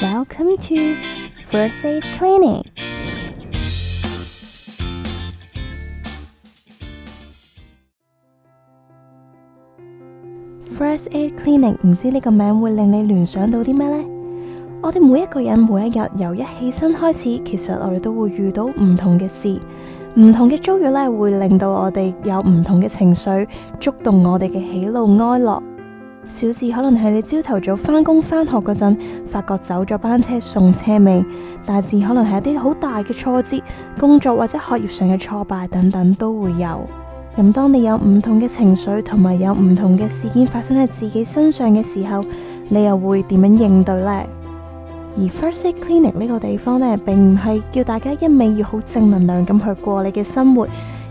Welcome to First Aid Clinic. First Aid Clinic，唔知呢個名會令你聯想到啲咩呢？ 我哋每一個人每一日由一起身開始，其實我哋都會遇到唔同嘅事，唔同嘅遭遇咧，會令到我哋有唔同嘅情緒，觸動我哋嘅喜怒哀樂。小事可能係你朝頭早返工返學嗰陣，發覺走咗班車送車尾；大事可能係一啲好大嘅挫折，工作或者學業上嘅挫敗等等都會有。咁當你有唔同嘅情緒，同埋有唔同嘅事件發生喺自己身上嘅時候，你又會點樣應對呢？而 First Aid Clinic 呢個地方呢，並唔係叫大家一味要好正能量咁去過你嘅生活，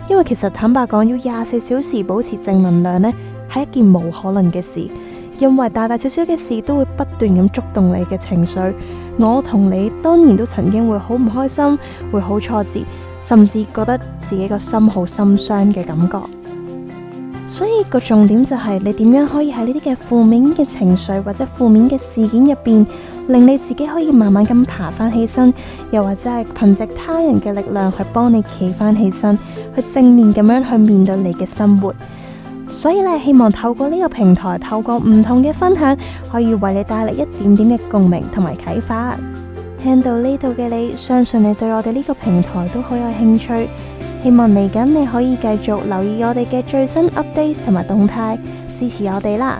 因為其實坦白講，要廿四小時保持正能量呢，係一件冇可能嘅事。因為大大小小嘅事都會不斷咁觸動你嘅情緒，我同你當然都曾經會好唔開心，會好挫折，甚至覺得自己個心好心傷嘅感覺。所以個重點就係你點樣可以喺呢啲嘅負面嘅情緒或者負面嘅事件入邊，令你自己可以慢慢咁爬翻起身，又或者係憑借他人嘅力量去幫你企翻起身，去正面咁樣去面對你嘅生活。所以咧，希望透過呢個平台，透過唔同嘅分享，可以為你帶嚟一點點嘅共鳴同埋啟發。聽到呢度嘅你，相信你對我哋呢個平台都好有興趣。希望嚟緊你可以繼續留意我哋嘅最新 update 同埋動態，支持我哋啦。